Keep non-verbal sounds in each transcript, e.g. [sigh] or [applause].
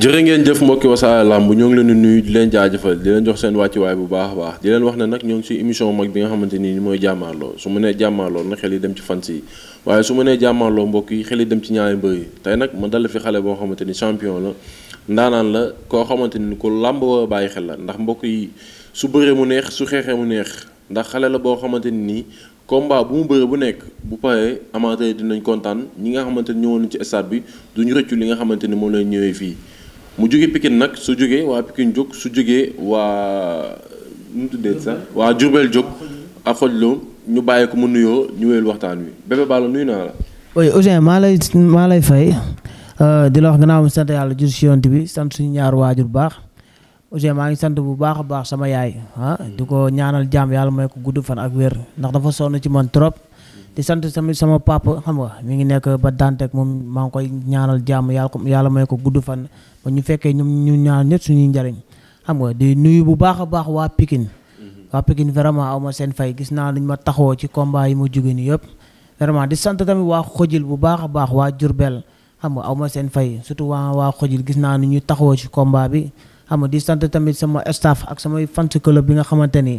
jërë ngeen jëf mbokki Wassare Lamb ñoo ngi leen di nuyu di leen jaajëfal di leen jox seen wàccuwaay bu baax a baax di leen wax ne nag ñoo ngi ci émission mag bi nga xamante ni mooy jàmmaarloo su ma nee jàmmaarloo nag xel yi dem ci fans yi waaye su ma nee jàmmaarloo yi xel yi dem ci ñaari mbër yi tey nag ma dal fi xale boo xamante ni champion la ndaanaan la koo xamante ni ku làmb war bàyyi xel la ndax mbokk yi su bëree mu neex su xeexee mu neex ndax xale la boo xamante ni combat bu mu bëre bu nekk bu paree amateur dinañ kontaan ñi nga xamante ni ñëwoon ci stade bi duñu rëccu li nga xamante ni moom lay ñëwee fii mu jógee Pikine nag su jógee waa Pikine jóg su jógee waa nu mu tuddee sax waa Diourbel jóg ak xojloo ñu bàyyi ko mu nuyoo ñu wéyal waxtaan wi Bébé Ballo nuyu naa la. oui Ouzin maa lay maa lay fay euh, di la wax gannaaw sant yàlla jur si yont bi sant suñu ñaar waajur baax Ouzin maa ngi sant bu baax a baax sama yaay ah di ko ñaanal jàmm yàlla may ko gudd fan ak wér ndax dafa sonn ci man trop. di sant sama sama papa xam nga mi ngi nekk ba Dantec moom maa ngi koy ñaanal jàmm yàlla ko yàlla may ko gudd fan ba ñu fekkee ñoom ñu ñaan ñëpp ñuy njariñ xam nga di nuyu bu baax a baax waa pikin mm-hmm. waa Pikine vraiment aw ma seen fay gis naa luñ ma taxawoo ci combat yi ma jóge nii yëpp vraiment di sant tamit waa xojil bu baax a baax waa Jurbel xam nga aw ma seen fay surtout waa waa xojil gis naa ni ñu taxawoo ci combat bi xam nga di sant tamit sama staff ak samay fans club bi nga xamante ni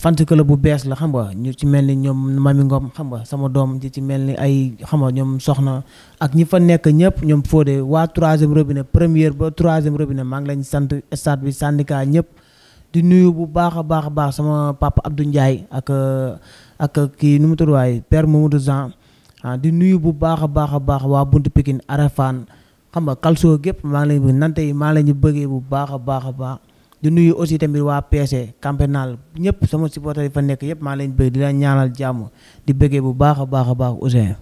fans club bu bees la xam nga ñu ci mel ni ñoom Mami Ngom xam nga sama doom di ci mel ni ay xam nga ñoom soxna ak ñi fa nekk ñëpp ñoom fóode waa troisième robine première ba troisième robinet maa ngi lañ sant stade bi syndicat ñëpp di nuyu bu baax a baax a baax sama papa Abdou Ndiaye ak ak kii nu mu tudd waay père Mamadou Jean ah di nuyu bu baax a baax a baax waa Buntu Pikine Arafane xam nga gépp maa ngi leen nante yi ñu bëggee bu baax a baax a baax di nuyu aussi tamit waa PC Campenal ñëpp sama supporter yi fa nekk yëpp maa leen bëgg di ñaanal jàmm di bëggee bu baax a baax baax Ousseyn.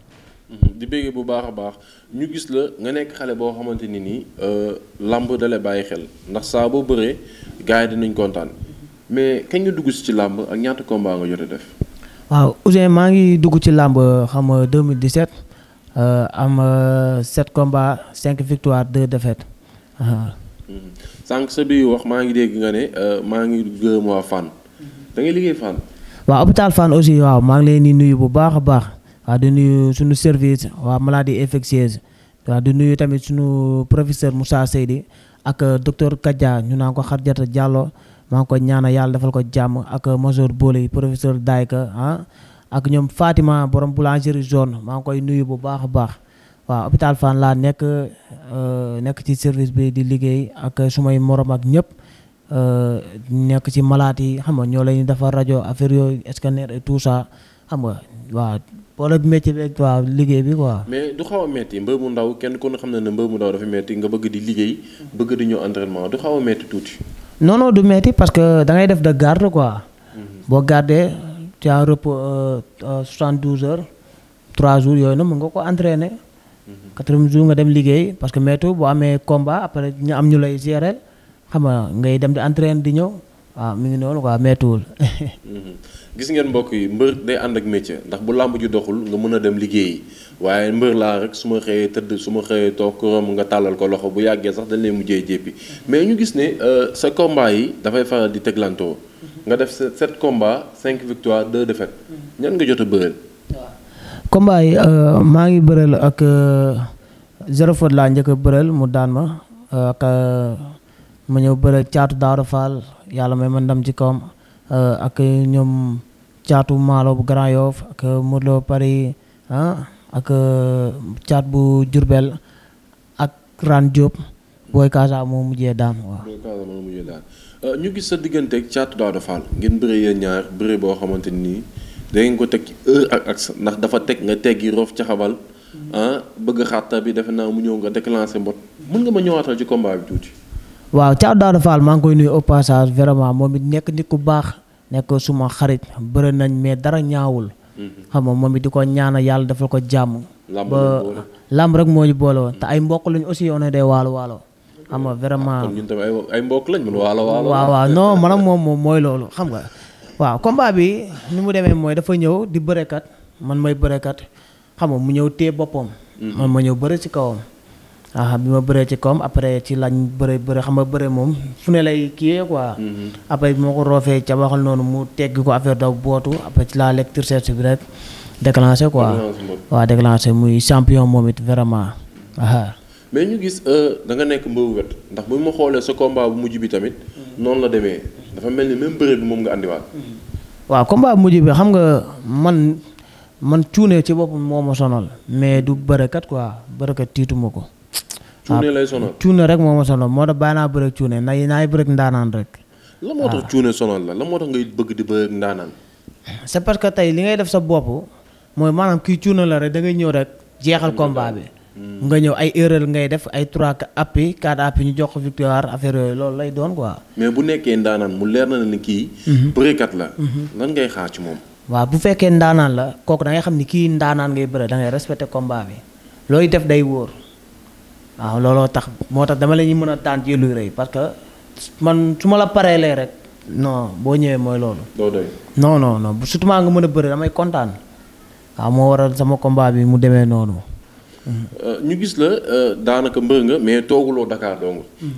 Mm-hmm, di bëggee bu baax a baax ñu gis la nga nekk xale boo xamante ni nii euh, làmb dale bàyyi xel ndax saa boo bëree gars yi dinañ kontaan mais kañ nga dugg si ci làmb ak ñaata combat nga jot a def. waaw Ousseyn maa ngi dugg ci làmb xam 2017. Euh, am 7 euh, combats 5 victoires 2 défaites. Mhm. sànq sa biir wax maa ngi dégg nga ne euh, maa ngi gërëm waa Fann da ngay liggéey Fann. waaw hôpital Fann aussi waaw maa ngi leen nii nuyu bu baax a baax waaw di nuyu suñu service waa maladie infectieuse waaw di nuyu tamit suñu professeur Moussa Seydi ak docteur Kadia ñu naa ko Xarjata Diallo maa ngi ko ñaana yàlla defal ko jàmm ak major Booley professeur Dayka ah. ak ñoom Fatima borom boulangerie jaune maa ngi koy nuyu bu baax a baax waaw hôpital Fann laa nekk euh, nekk ci service bi di liggéey ak sumay morom ak ñëpp euh, nekk ci malaat yi xam nga ñoo lañu defar rajo affaire yooyu scanner et tout ça xam nga waaw boole métier bi ak waaw liggéey bi quoi. mais du xaw a metti mbër mu ndaw kenn ku xam na ne mbër mu ndaw dafa metti nga bëgg di liggéey bëgg di ñëw entraînement du xaw a metti tuuti. non du metti parce que dangay def de garde quoi. Mhm. tu as repos 72 heures trois jours yooyu nag mën nga ko entraîner. 80 mhm. jours nga dem liggéey parce que météo boo amee combat après ñu am ñu lay gérer xam nga ngay dem di entraîner di ñëw waaw ah, mi ngi noonu quoi météo. [laughs] Mhm. gis ngeen mbokk yi mbër day ànd ak métier ndax bu làmb ji doxul nga mën a dem liggéeyi waaye mbër laa rek su ma xëyee tëdd su ma xëyee toog këram nga tàllal ko loxo bu yàggee sax dañ lay mujjee jéppi mm-hmm. mais ñu gis ne euh, sa combat yi dafay faral di teglantoo. nga def sa 7 combats 5 victoires 2 défaites. ñan nga jot a bëreel. combat yi euh, maa ngi bëreel ak euh, zéro laa njëkk a bëreel mu daan ma euh, ak ma ñëw bëreel caatu Daara Fall yàlla may ma ndam ci kawam ak ñoom caatu Maalo bu Grand Yoff ak Modou Lo Paris ah caat bu Diourbel ak Ran Diop booy Kaasa moo mujjee daan waaw. Euh, ñu gis sa diggante ak Thiatou Daouda Fall ngeen bëre yéen ñaar bëre boo xamante nii da ngeen ko teg ci heure ak ak ndax dafa teg nga teggi roof caxabal mm-hmm. ah bëgg xàtta bi defe naa mu ñëw nga déclenché mbot mun nga ma ñëwaatal ci combat bi tuuti. waaw Thiatou Daouda faal maa ngi koy nuyu au passage vraiment moom it nekk nit ku baax nekk suma xarit bëre nañ mais dara ñaawul. Mm-hmm. xam nga moom it di ko ñaana yàlla defal ko jàmm. ba làmb rek moo ñu boole woon mm-hmm. te ay mbokk xam nga vraiment kon waaw waaw non maanaam moom moom mooy loolu xam nga waaw combat bi ni mu demee mooy dafa ñëw di bërekat man may bërekat xam nga mu ñëw téye boppam man ma ñëw bëre ci kawam ah bi ma bëree ci kawam après ci lañ bëre bëre xam nga bëre moom fu ne lay kiyee quoi après bi ma ko roofee ca waxal noonu mu teggi ko affaire daw bootu après ci la lecture cerce bi rek déclenché quoi waaw déclenché muy champion moom it vraiment mais ñu gis euh, da nga nekk mbëru wet ndax bu ma xoolee sa combat bu mujj bi tamit. noonu la demee. dafa mel ni même bëre bi moom nga andiwaat. waaw combat bu mujj bi xam nga man man cuune ci boppam moom ma sonal mais du bërëkat quoi bërëkat tiitu ma ko. cuune ah, lay sonal cuune rek moo ma sonal moo tax bàyyi naa bëre cuune na naay bëre ndaanaan rek. la moo tax ah. cuune sonal la la moo tax ngay bëgg di bëre ndaanaan. c'est parce que tey li ngay def sa bopp mooy maanaam kii cuune la rek da ngay ñëw rek jeexal combat bi. nga ñëw ay erreur ngay def ay 3 appui 4 appui ñu jox ko victoire affaire yooyu loolu lay doon quoi. mais bu nekkee ndaanaan mu leer na ne kii. Mhm. bëreekat la. Mhm. lan ngay xaar ci moom. waaw bu fekkee ndaanaan la kooku da ngay xam ni kii ndaanaan ngay bëre da ngay respecté combat bi looy def day wóor waaw looloo tax moo tax dama la ñuy mën a tànn ci luy rëy parce que man su ma la paree pareelee rek. non boo ñëwee mooy loolu. doo doy. non maa nga mën a bëre damay kontaan waaw moo waral sama combat bi mu demee noonu. Euh, ñu gis la euh, daanaka mbër nga mais tooguloo Dakar nga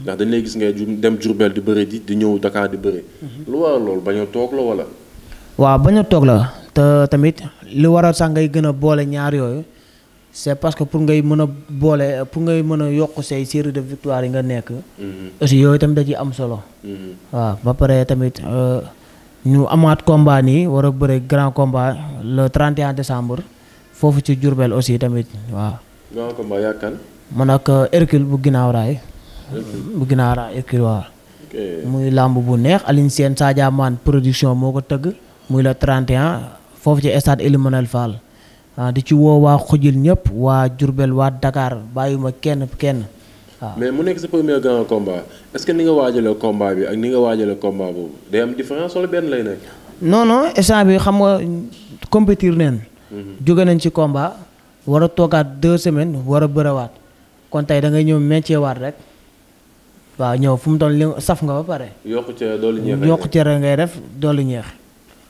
ndax dañ lay gis ngay dem Diourbel di bëre di di ñëw Dakar di bëre. Mhm. lu waral loolu bañ a toog la wala. waaw bañ a toog la te tamit li waral sax ngay gën a boole ñaar yooyu c'est parce que pour ngay mën a boole pour ngay mën a yokk say série de victoire yi nga nekk. Mhm. aussi yooyu tamit da ciy am solo. Mhm. waaw ba pare tamit euh, ñu amaat combat nii war a bëre grand combat le 31 décembre foofu ci Diourbel aussi tamit waaw. nga combat yaa kan. Euh, bu ginnaaw raay. bu ginnaaw raay Hercule waaw. muy làmb bu neex Aline Sène Sadia Mane production moo ko tëgg. muy le 31 foofu ci stade Ely Manel Fall. Ah, di ci woo waa xujil ñëpp waa Diourbel waa Dakar bàyyiwuma kenn kenn. waaw ah. mais mu nekk sa premier grand combat est que ni nga waajalee combat bi ak ni nga waajalee combat boobu day am différence wala benn lay nekk. non non bi xam nga compétir neen mhm. jóge nañ ci combat. war a toogaat deux semaines war a bëriwaat kon tey dangay ñëw métier waat rek waaw ñëw fu mu toll li saf nga ba pare. yokku cere doolu ñeex yokku cere ngay def doolu ñeex.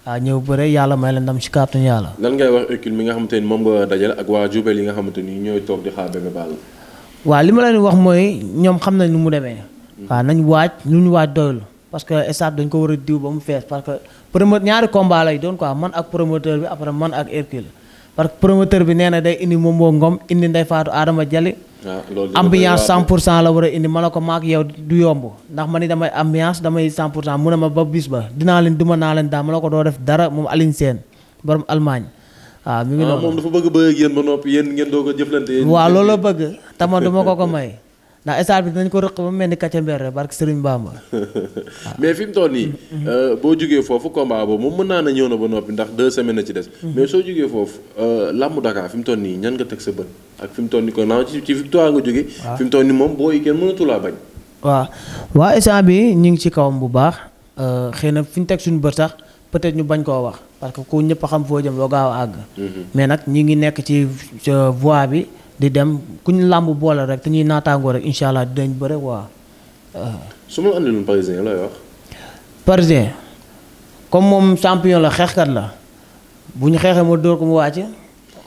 waaw ñëw bëre yàlla may la ndam ci kàttan yàlla. lan ngay wax équipe mi nga xamante ni moom nga dajale ak waa Diourbel yi nga ni ñooy toog di xaar Bébé Balla. li ma leen wax mooy ñoom xam nañ nu mu demee. waaw nañ waaj lu ñu waaj doyul parce que stade dañ ko war diw ba mu fees parce que promoteur ñaari combat lay doon quoi man ak promoteur bi après man ak Hercule. parce que promoteur bi neena na day indi moom moo ngom indi nday faatu Adama Jali ah, ambiance cent pour cent la war a indi ma ne ko maak yow du yomb ndax ma ni damay ambiance damay cent pour cent mu ne ma ba bis ba dinaa leen duma naa leen daa ma ne ko doo def dara moom Alioune Sène borom Allemagne waaw ah, mi ngi ah, noonu moom dafa bëgg bëgg ak yéen loolu la bëgg tama duma ko ko may ndax stade bi dinañ ko rëq ba mu mel ni kàcce mbeer barke Serigne Bamba. [laughs] mais fi mu toll nii. Euh, boo jugee foofu combat boobu moom mën naa na ñëw na ba noppi ndax deux semaines na ci des. Mm-hmm. mais soo jugee foofu euh, làmbu Dakar fi mu toll nii ñan nga teg sa bët ak fi mu toll nii ko naaw ci ci victoire moom boo yi kenn bañ. waaw waa instant bi ñu ngi ci kawam bu baax euh, xëy na fi ñu teg suñu bët sax peut-être ñu bañ koo wax parce que ku ñëpp xam foo jëm loo gaaw a àgg. Mm-hmm. mais nag ñi ngi nekk ci voie bi. di dem ku ñu làmb boole rek te ñuy naataangoo rek incha allah dinañ bëre waa. su ma andiloon parisien lay wax. parisien comme moom champion la xeexkat la bu ñu xeexee ma dóor ko mu wàcc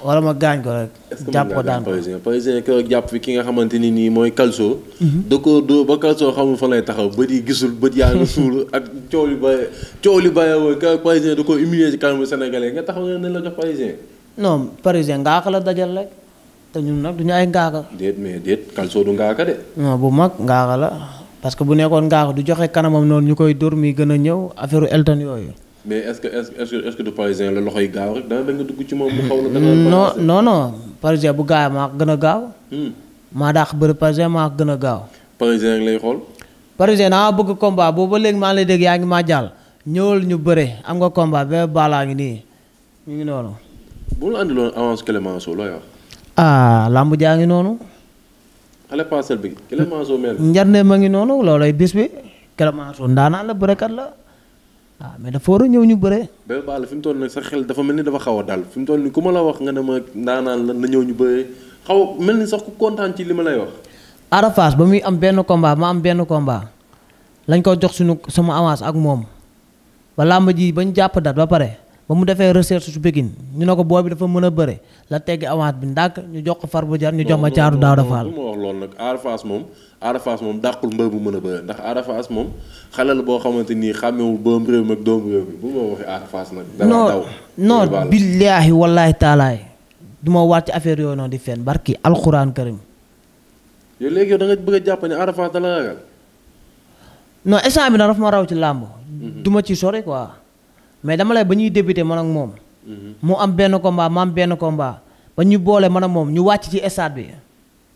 wala ma gaañ ko rek. jàpp ko daan parisien parisien ko jàpp fi ki nga xamante ni nii mooy Calcio. Mhm. da ko dóor ba Calcio xamul fan lay taxaw bët yi gisul bët yaa nga suul [laughs] ak coow li bàyyi coow li bàyyi woo ka parisien da ko humilier ci kanamu nga taxaw ne la jox parisien. non parisien nga la dajal rek. te ñun nag du ñu ay bu mag ngaaga la parce que bu nekkoon ngaaga du joxe kanamam noonu ñu koy dóor muy gën a ñëw affaire Elton yooyu. mais est-ce que est parisien la loxo yi gaaw rek dugg ci moom. mu xaw la non non non parisien bu gaaw maa gën a gaaw. Hmm. maa dàq bëri parisien maa ko gën a gaaw. parisien lay xool. parisien naa bëgg combat boobu ba léegi maa lay dégg yaa ngi maa jàll ñëwal ñu bëre am nga combat ba balaa ngi nii ñu ngi noonu. bu la andiloon avance Clémenceau looy wax ah làmb jaa ngi noonu. ale paasal bi Clémenceau mel. njarne a ngi noonu loolay bis bi Clémenceau ndaanaan la bërekat la waaw ah, mais dafa war ñëw ñu bëre. Bébé Balla fi toll nag xel dafa mel ni dafa xaw a daal fi toll ni ku ma la wax nga ne ma ndaanaan la na ñu bëre xaw mel ni sax ku kontaan ci li ma lay wax. Arafas ba muy am benn combat ma am benn combat lañ ko jox suñu sama avance ak moom ba làmb ji bañ jàpp dat ba pare. ba mu defee recherche su Pikine ñu ne ko boo bi dafa mën a bëre la teggi avance bi ndàkk ñu jox ko far bu jar ñu jox ma caaru daaw dafaal ma loolu nag Ada moom Ada moom dàqul mbër bu ndax Ada moom xale la boo xamante nii xàmmewul bëm réew ma waxee Ada Fass nag du ma waat ci affaire yooyu noonu di fenn barki alxuraan karim yow a jàpp ne Ada Fass dala bi nag dafa ma raw ci làmb du ma ci sori quoi mais dama lay ba ñuy débuté man ak moom. mu am benn combat ma am benn combat ba ñu boole man ak moom ñu wàcc ci stade bi.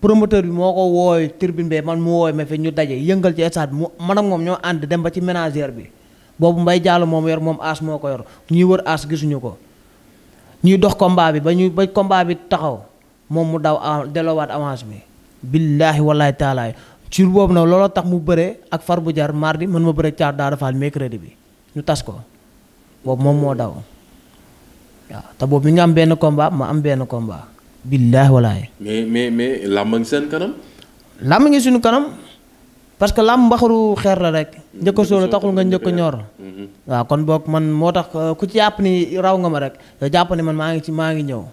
promoteur bi moo ko wooy tribune bi man mu wooy ma fi ñu daje yëngal ci stade bi mu man ak moom ñoo ànd dem ba ci ménagère bi boobu mbay jàll moom yor moom aas moo ko yor ñuy wër aas gisuñu ko. ñuy dox combat bi ba ñu ba combat bi taxaw moom mu daw delloowaat avance bi. billaahi wallaahi taalaay ci boobu nag looloo tax mu bëree ak far bu jar mardi man ma bëree caat daara faal mercredi bi ñu tas ko. boobu moom moo daw waaw te boobu mi nga am benn combat ma am benn combat. billaay walaay. mais mais mais làmb ngi seen kanam. làmb ngi suñu kanam parce que làmb xeer la rek. Mm-hmm. njëkk a sóolu nga njëkk a ñor. Mm-hmm. waaw kon boog man moo tax euh, ku ci jàpp ni raw nga ma rek jàpp ne man maa ngi ci maa ngi ñëw.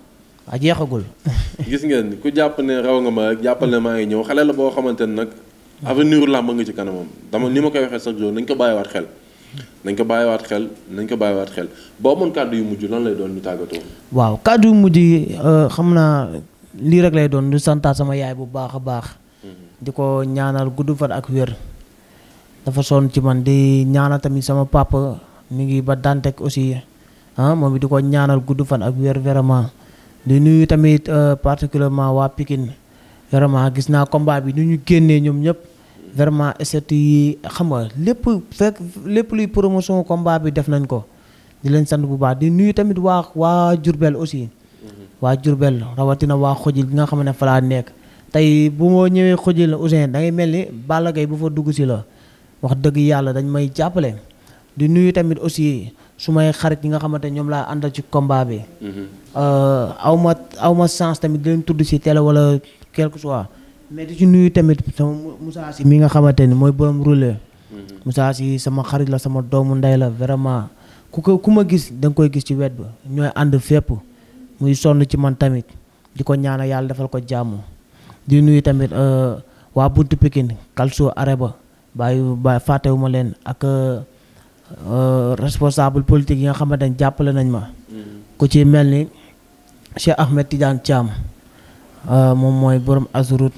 a jeexagul. [laughs] gis ngeen ku jàpp ne raw nga ma rek jàppal ne maa ngi ñëw xale la boo xamante ne nag hmm. avenir làmb nga ci kanamam dama ni ma koy waxee chaque jour nañ ko bàyyiwaat xel. nañ ko bàyyiwaat xel nañ ko bàyyiwaat xel boo amoon kàddu yu mujj lan lay doon ñu tàggatoo. waaw kàddu yu mujj yi euh, xam naa lii rek lay doon lu santaat sama yaay bu baax a baax. Mm-hmm. di ko ñaanal gudd fan ak wér. dafa sonn ci man di ñaanal tamit sama papa mu ngi ba Dantec aussi ah moom it di ko ñaanal gudd fan ak weer vraiment. di nuyu tamit euh, particulièrement waa Pikine vraiment gis naa combat bi nu ñu génnee ñoom ñëpp. vraiment esthétique yi xam nga lépp fekk lépp luy promotion combat bi def nañ ko di leen sant bu baax di nuyu tamit waa waa Jurbel aussi. Mhm. waa Jurbel rawatina waa xojil bi nga xam ne fa laa nekk. tey bu ma ñëwee xojil Ouzin da ngay mel ni Balla Gaye bu fa dugg si la wax dëgg yàlla dañ may jàppale di nuyu tamit aussi su may xarit yi nga xamante ñoom laa àndal ci combat bi. Mhm. Euh, aw ma aw ma chance tamit di leen tudd si télé wala quelque soit. mais di ci nuyu tamit sama Moussa Sy mi nga xamante ni mooy borom roulé. Mm-hmm. Moussa yi sama xarit la sama doomu ndey la vraiment ku ko ku ma gis da nga koy gis ci wet ba ñooy ànd fépp muy sonn ci man tamit di ko ñaanal yàlla defal ko jàmm di nuyu tamit euh, waa buntu Pikine Kalso ba bàyyi bàyyi fàttewuma leen ak euh, euh, responsable politique yi nga xamante ni jàppale nañ ma. Mm-hmm. ku ci mel ni Cheikh Ahmed Tidiane Thiam moom mooy borom Azurut.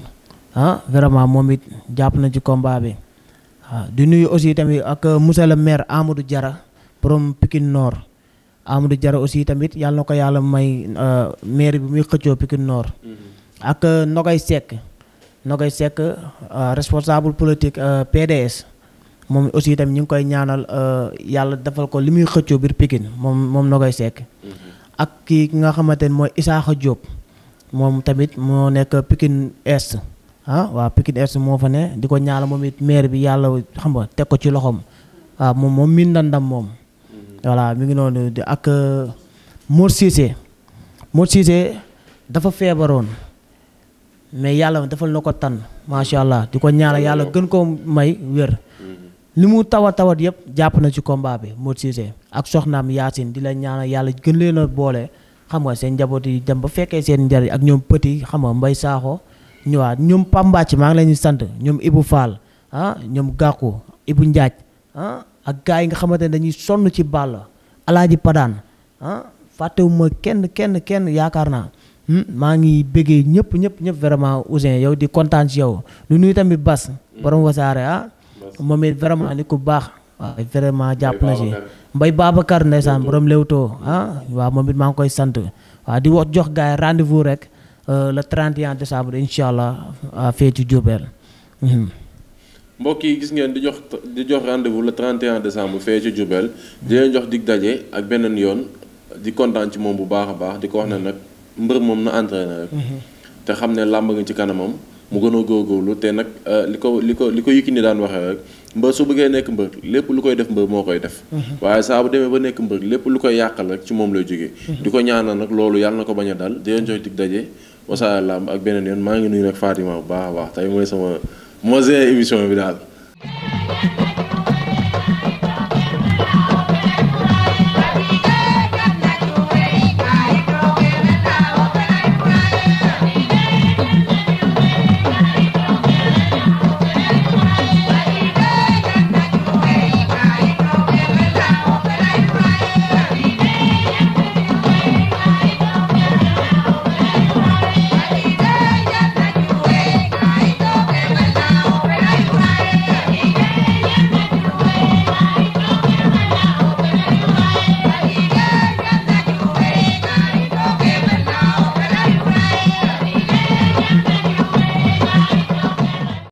ah vraiment moom it jàpp na ci combat bi waaw ah, di nuyu aussi tamit ak euh, monsieur le maire Amadou Diarra borom Pikine Nord Amadou Diarra aussi tamit yàlla na ko yàlla may euh, maire bi muy xëccoo pikin noor mm-hmm. ak euh, Nogay Seck Nogay Seck responsable politique PDS moom aussi tamit ñu ngi koy ñaanal yàlla defal ko li muy xëccoo biir pikin moom moom koy Seck mm-hmm. ak kii ki nga xamante ne mooy Isaaxa Diop moom tamit moo nekk Pikine Est ah waaw Pikine moo fa ne di ko ñaala moom it maire bi yàlla xam nga teg ko ci loxoom waaw ah, moom moom miin na ndam moom. voilà mi ngi noonu ak euh, Mor Cissé Mor dafa feebaroon mais yàlla defal na ko tan macha allah di ko ñaala yàlla gën koo may wér. Mm-hmm. li mu tawat tawat yëpp jàpp na ci combat bi Mor Cissé ak soxnaam Yacine di la ñaanal yàlla gën leen boole xam nga seen njaboot yi dem ba fekkee seen njariñ ak ñoom petit xam nga mbay Sakho. ñëwaat ñoom Pambacc maa ngi leen di sant ñoom Ibou Fall ah ñoom Gakou Ibou Ndiaye ah ak gars yi nga xamante ni dañuy sonn ci Balla Alaaji Padaan ah fàttewuma kenn kenn kenn yaakaar naa hmm, maa ngi bëggee ñëpp ñëpp ñëpp vraiment Ouzin yow di kontaan ci yow lu nuyu tamit Bas borom wasaare ah moom it vraiment ni ku baax waaw vraiment jàpp na ci Mbay Babacar ndeysaan borom Leewtoo ah waaw moom it maa ngi koy sant waaw di wax jox gars yi rendez rek Euh, le 31 décembre incha allah fee ci Diourbel. Mhm. mbokk yi gis ngeen di jox di jox rendez-vous le 31 décembre fee ci Diourbel di leen jox dig daje ak beneen yoon di kontaan ci moom bu baax a baax di ko wax na nag mbër moom na entraîné rek. Mhm. te xam ne làmb nga ci kanamam. mu gën a góorgóorlu te nag euh, li ko li ko li ko Yékini daan waxee rek mbër su bëggee nekk mbër lépp lu koy def mbër moo koy def. Mhm. waaye saa bu demee ba nekk mbër lépp lu koy yàqal rek ci moom lay jógee. di ko ñaanal nag loolu yàlla na ko bañ a dal di leen jox Wassare Lamb ak beneen yoon maa ngi nuyu nag Fatima bu baax a baax tey mooy sama mosee émission bi daal.